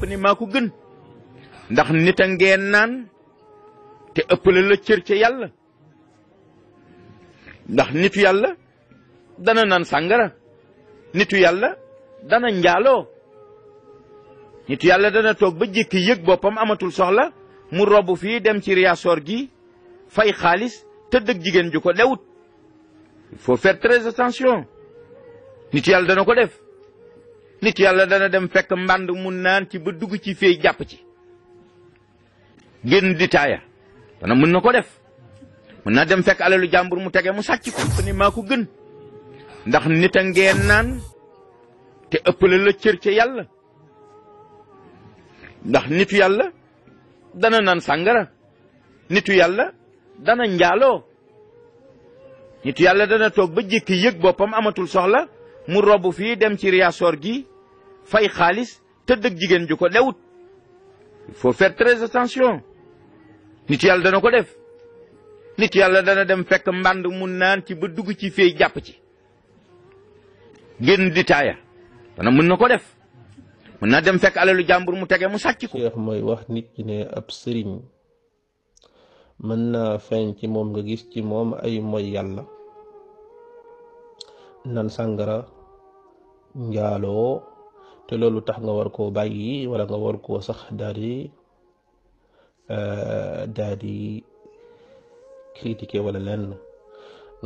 jàpp ni maa ko gën ndax nit a ngeen naan te ëppale la cër ca yàlla ndax nitu yàlla dana naan sàngara nitu yàlla dana njaaloo nitu yàlla dana toog ba jékki yëg boppam amatul soxla mu robb fii dem ci riyaasoor gi fay xaalis tëddëg jigéen ju ko dewut il faut faire attention nitu yàlla dana ko def nit yàlla dana dem fekk mbànd mu naan ci ba dugg ci fee jàpp ci génn di taaya dana mën na ko def mën naa dem fekk alalu jàmbur mu tege mu sàcc ko ni maa ko gën ndax nit a ngeen naan te ëppale la cër ca yàlla ndax nitu yàlla dana naan sàngara nitu yàlla dana njaaloo nitu yàlla dana toog ba jékki yëg boppam amatul soxla mu rob fii dem ci riyaasoor gi fay khalis te deug jigen ju ko lewut il faut faire très attention nit yàlla dana ko def nit yàlla dana dem fek mbànd mu nan ci ba dug ci fey jàpp ci génn di dana mën nako def mën na dem fek alalu jambour mu tege mu sàcc ko. Cheikh moy wax nit ci ne ab serigne mën na fay ci mom nga gis ci mom ay moy yàlla nan sàngara njaaloo te loolu tax nga war koo bàyyi wala nga war koo sax daal di euh, daal di critiquer wala lenn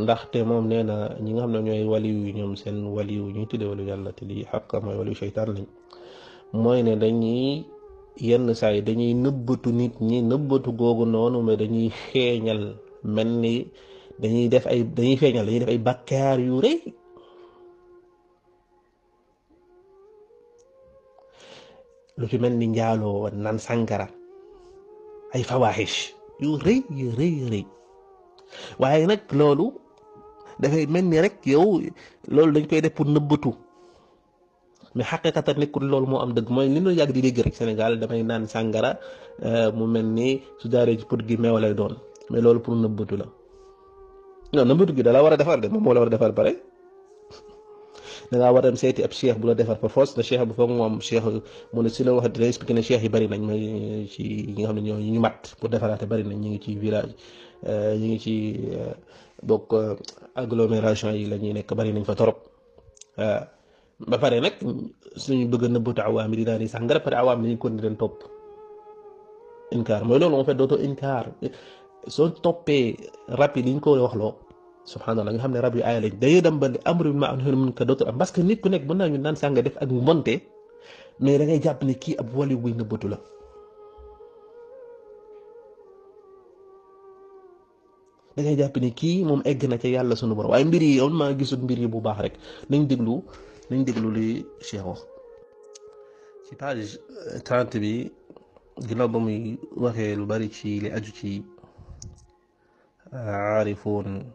ndaxte moom nee na ñi nga xam ne ñooy waliw yu ñoom seen waliw yu ñuy tuddee waliw yàlla te lii xaq mooy waliw seytaan lañ mooy ne dañuy yenn saa yi dañuy nëbbatu nit ñi nëbbatu googu noonu mais dañuy feeñal mel ni dañuy def ay dañuy feeñal dañuy def ay bakkaar yu rëy lu ci mel ni njaaloo naan sàngara ay fawaaxish yu rëy yu rëy rëy waaye nag loolu dafay mel ni rek yow loolu dañ koy def pour nëbbatu mais xaqiqata nekkul loolu moo am dëgg mooy li ñu yàgg di dégg rek Sénégal damay naan sàngara euh, mu mel ni su jaaree ci put gi meew lay doon mais loolu pour nëbbatu la non nëbbatu gi da war a defar de moom moo la war a defar pare. da ngaa war a dem seeti ab cheikh bu la defar par force te cheikh bu foog moom cheikh mu ne si la wax dina expliqué ne cheikh yi bëri nañ ma ci ñi nga xam ne ñoo ñu mat pour defaraate bari nañ ñu ngi ci village euh, ñu ngi ci euh, bokk euh, yi la ñuy nekk bëri nañ fa torop ba pare nag suñu bëgg a nëbbatu awaam yi dinaa ni sax nga pare awaam yi ñu kon di leen topp inkaar mooy loolu en fait dootoo inkaar soo toppee rab yi li ñu ko waxloo subhanallah nga xam ne rab yu aaya day dem ba amru bil ma'ruf nahyun am parce que nit ku nekk mën naa ñu naan sànga def ak mbonte mais da jàpp ne kii ab wali buy nëbbatu la da jàpp ne kii moom egg na ca yàlla sunu borom waaye mbir yi yow maa gisul mbir yi bu baax rek dañ déglu nañ déglu li Cheikh ci page euh, trente bi ginnaaw ba muy waxee lu bari ci li aju ci euh, aarifoon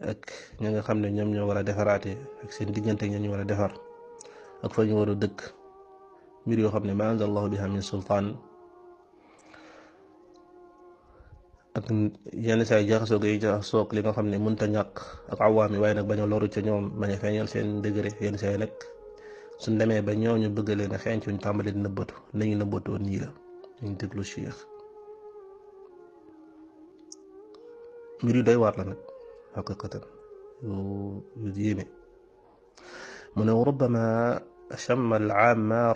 ak ña nga xam ne ñoom ñoo war a defaraate ak seen diggante ak ña ñu war a defar ak fa ñu war a dëkk mbir yoo xam ne ma anzalallahu biha min sultaan ak yenn saa yi jaxasoo gi li nga xam ne ta ñàkk ak awaam yi waaye nag bañ a loru ca ñoom bañ a feeñal seen degré yenn saa yi su suñ demee ba ñoo ñu bëgg leen a xeeñ ci ñu tàmbali di nëbbatu nañu nëbbatoo nii la ñu déglu Cheikh mbir yu doy waar la nag. حقيقة يديني من وربما شم العامة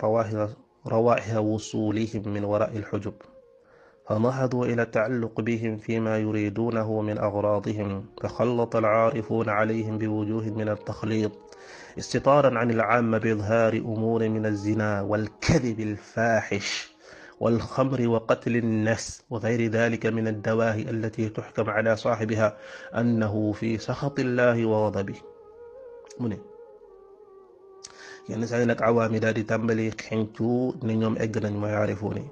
روائح وصولهم من وراء الحجب فنهضوا إلى التعلق بهم فيما يريدونه من أغراضهم فخلط العارفون عليهم بوجوه من التخليط استطارا عن العامة بإظهار أمور من الزنا والكذب الفاحش والخمر وقتل النفس وغير ذلك من الدواهي التي تحكم على صاحبها أنه في سخط الله وغضبه من يعني سعيد لك عوامي دادي تنبلي خنتو نيوم اجنن ما يعرفوني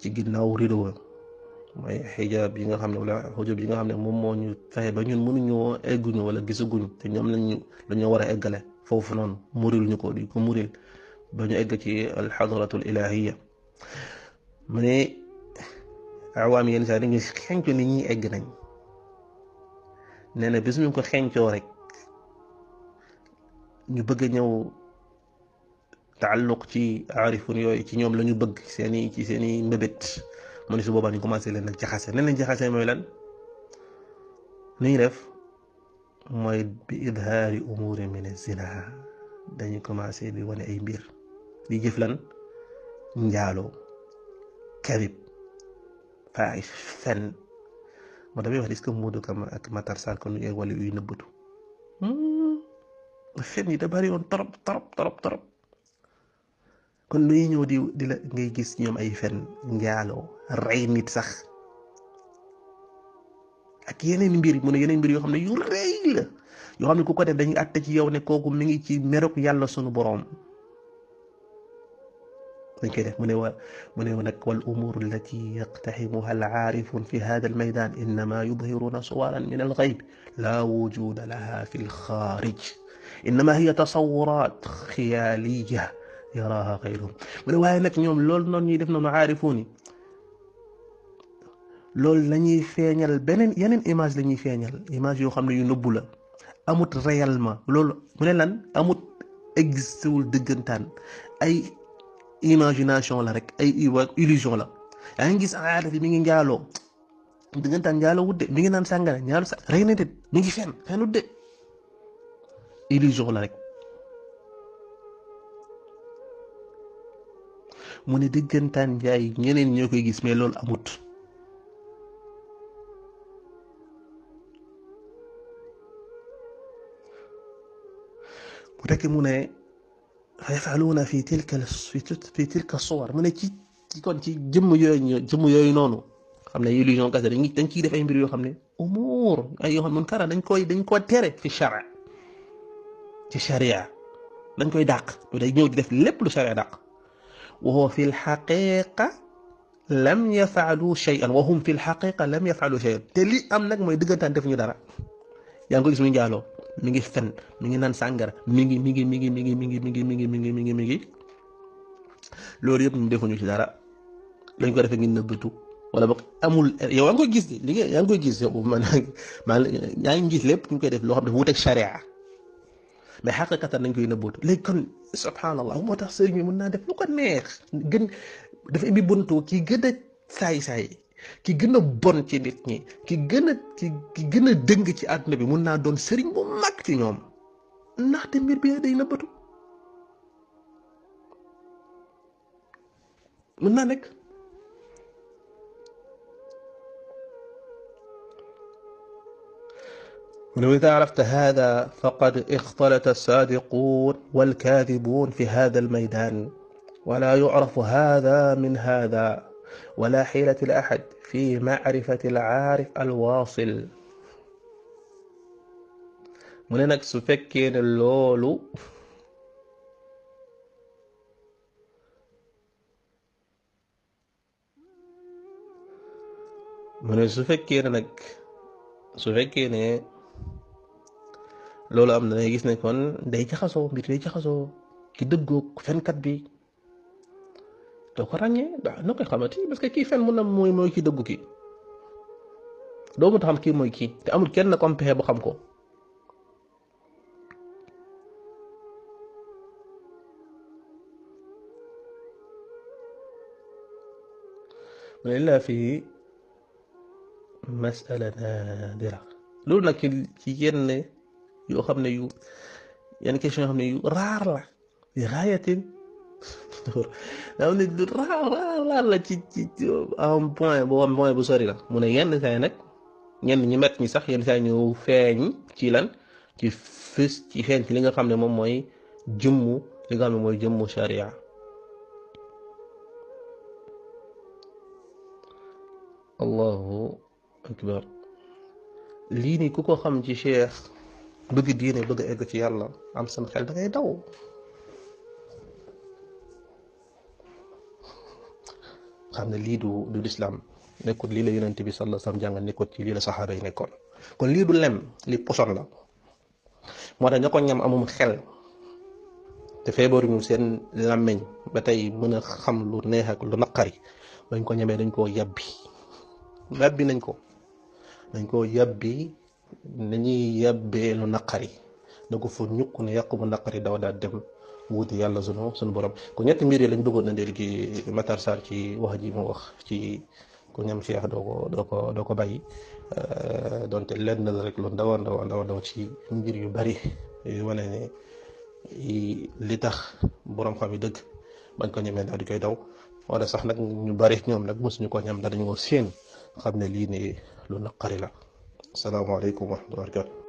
تجينا وريدو ماي حجاب ييغا خامني ولا حجاب ييغا خامني موم مو نيو فاي با نيون مونو ولا غيسوغنو تي نيوم لا نيو لا نيو ورا ايغالي فوفو نون موريل نيو كو دي كو الحضره الالهيه mu ne awaam yenn saa da xencu ni nit ñi egg nañ nee na bis mu ko xencoo rek ñu bëgg a ñëw taalluq ci aarifun yooyu ci ñoom la ñu bëgg seen i ci seen i mbëbét mu ne su boobaa ñu commencé leen nag jaxase nee nañ jaxase mooy lan ni def mooy bi idhaari umuri min zina dañu commencé di wane ay mbir di jëf lan njaaloo karib faaxish fen moo damay wax est-ce que Modou Kama kon ñu ay wàllu fen yi da bari woon torop torop torop torop kon luy ñëw di di la ngay gis ñoom ay fen njaaloo rey nit sax ak yeneen mbir mu ne yeneen mbir yoo xam ne yu rëy la yoo xam ne ku ko def dañu àtte ci yow ne kooku mi ngi ci merok yàlla sunu boroom طيب كذلك من هناك والأمور التي يقتحمها العارف في هذا الميدان إنما يظهرون صورا من الغيب لا وجود لها في الخارج إنما هي تصورات خيالية يراها غيرهم من هناك نيوم لول نون يدف نون عارفوني لول لاني فينيال بنين ينين إيماج لاني فينيال إيماج يو خمنا ينبولا أموت ما لول من لان أموت existul دقنتان أي imagination la rek ay illusion la yaa ngi gis aada ah, fi mi ngi njaaloo diggantaan njaaloo wut de naan sàngara njaalu sa rey mingi de mi ngi illusion la rek mu ne diggantaan njaay ñeneen ñoo koy gis mais loolu amut bu tekki mu ne فيفعلون في تلك في, تلك الصور من تي كون تي جيم يوي جيم يوي نونو خامنا يليجون كاد ني تان تي داف اي مبير امور ايها المنكر من كارا دنجكو دنجكو تيري في الشرع في الشريعه دنجكو داق دو نيو ديف ليب لو شرع داق وهو في الحقيقه لم يفعلوا شيئا وهم في الحقيقه لم يفعلوا شيئا تلي ام نك موي ديغنتان ديف ني دارا يانغو غيس مي جالو mi ngi fen mi ngi naan sàngara mi ngi mi ngi mi ngi mi ngi mi ngi mi ngi mi ngi mi ngi mi ngi mi ngi loolu yëpp ñu defuñu ci dara dañ ko defee ngi nëbbatu wala ko amul yow a ngi koy gis de li nga yaa ngi koy gis yow man maa yaa ngi gis lépp ñu koy def loo xam ne wuuteeg charia mais xaqiqatan nañ koy nëbbatu léegi kon subhanallah moo tax sëriñ bi mën naa def lu ko neex gën dafa indi buntu ki gën a saay saay ki gëna bon ci nit ñi ki gëna ki gëna dëng ci aduna bi mën na doon sëriñ bu mag ci ñoom te mbir bi day na batu mën na nek ولو إذا عرفت هذا فقد اختلط الصادقون والكاذبون في هذا الميدان ولا يعرف هذا من هذا ولا حيلة لأحد في معرفة العارف الواصل منينك سفكين اللولو من سفكين انك سفكين لولو امنا يجيس نكون دايجا خاصو بيتو دايجا خاصو كي دقوك فين كتبي doko ragne ràññee nokay xamati parce que ki fen mo na moy moy ki dëggu ki do mo a ki moy ki te amul kenn comme pexe bu xam ko wala fi mas'ala nadira lool nak ci yenn yo xamne yu yenn question xamne yu raar la bi ghayatin dam ne raar raar raar la ci ci boo am bu sori la mu ne yenn saa nag ñenn ñi met ñi sax yenn saa yi ñu feeñ ci lan ci fis ci feeñ ci li nga xam ne moom mooy jëmmu li nga xam ne mooy jëmmu sharia allahu akbar lii nii ku ko xam ci cheikh bëgg diine bëgg egg ci yàlla am seen xel da ngay daw xam ne lii du du lislaam nekkut lii la yonent bi sallallahu alayhi wasallam jàngal nekkut ci lii la saxaaba yi nekkoon kon lii du lem li poson la moo tax ña ko ñam amum xel te feebaruñu seen làmmiñ ba tey mën a xam lu neex ak lu naqari bañ ko ñamee dañ koo yàbbi yàbbi nañ ko dañ koo yàbbi nañuy yàbbee lu naqari da ko fa ñukk ne yàqu bu naqari daw daal dem wuute yàlla sunu sunu borom ku ñetti mbir yi lañ bëggoon andil ki Matar Sarr ci wax ji mu wax ci ku ñam Cheikh doo ko doo ko doo ko bàyyi euh, donte lenn la rek lu ndaw ndaw ndaw ndaw ci mbir yu bari yu wane ne li tax borom xam yi dëgg bañ ko ñemee daal di koy daw wala sax nag ñu bari ñoom nag mosuñu ko ñam dañu ko séen xam ne lii ne lu naqari la asalaamaaleykum wa rahmatulah.